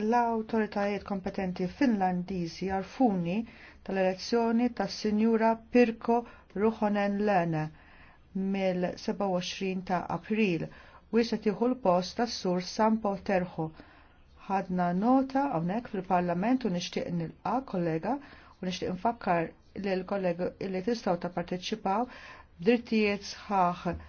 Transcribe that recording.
l-autoritajiet kompetenti finlandiżi għarfuni tal-elezzjoni tas sinjura Pirko Ruhonen Lene mill-27 ta' April u se tieħu l-post tas sur Sampo Terħo. Ħadna nota hawnhekk fil-Parlament u nixtieq nilqa' kollega u nixtieq nfakkar lill kollegi li tistgħu tapparteċipaw drittijiet sħaħ